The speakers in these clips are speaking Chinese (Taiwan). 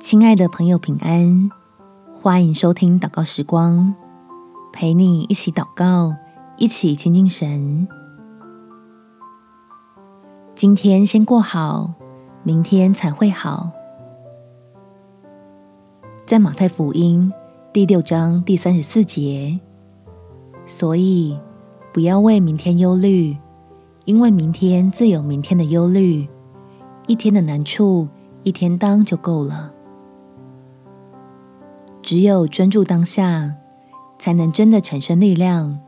親愛的朋友，平安！歡迎收聽禱告時光，陪你一起禱告，一起親近神。今天先過好，明天才會好。在馬太福音第六章第三十四節，所以不要為明天憂慮，因為明天自有明天的憂慮，一天的難處一天當就夠了。只有專注當下，才能真的產生力量，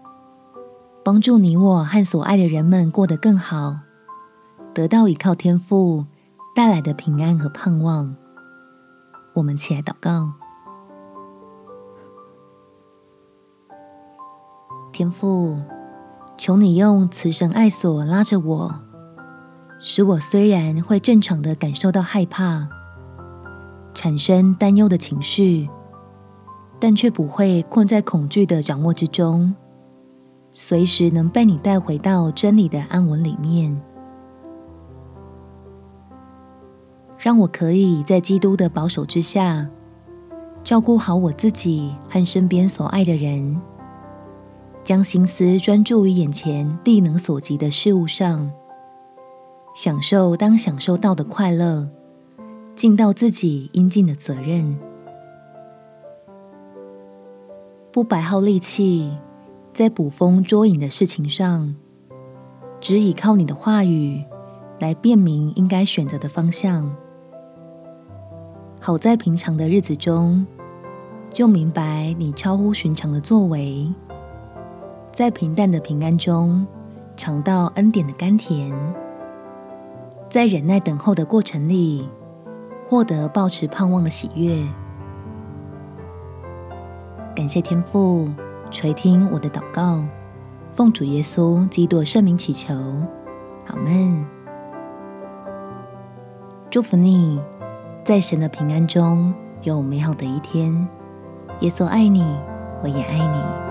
幫助你我和所愛的人們過得更好，得到倚靠天父帶來的平安和盼望。我們起來禱告，天父，求你用慈繩愛索拉着我，使我雖然會正常的感受到害怕，產生擔憂的情緒。但卻不會困在恐懼的掌握之中，隨時能被你帶回到真理的安穩裡面。讓我可以在基督的保守之下，照顧好我自己和身邊所愛的人，將心思專注於眼前力能所及的事物上，享受當享受到的快樂，盡到自己應盡的責任。不白耗力氣，在捕風捉影的事情上，只倚靠你的話語來辨明應該選擇的方向。好在平常的日子中，就明白你超乎尋常的作為；在平淡的平安中，嘗到恩典的甘甜；在忍耐等候的過程裡，獲得抱持盼望的喜悅。感謝天父垂聽我的禱告，奉主耶穌基督聖名祈求，阿們。祝福你，在神的平安中有美好的一天。耶穌愛你，我也愛你。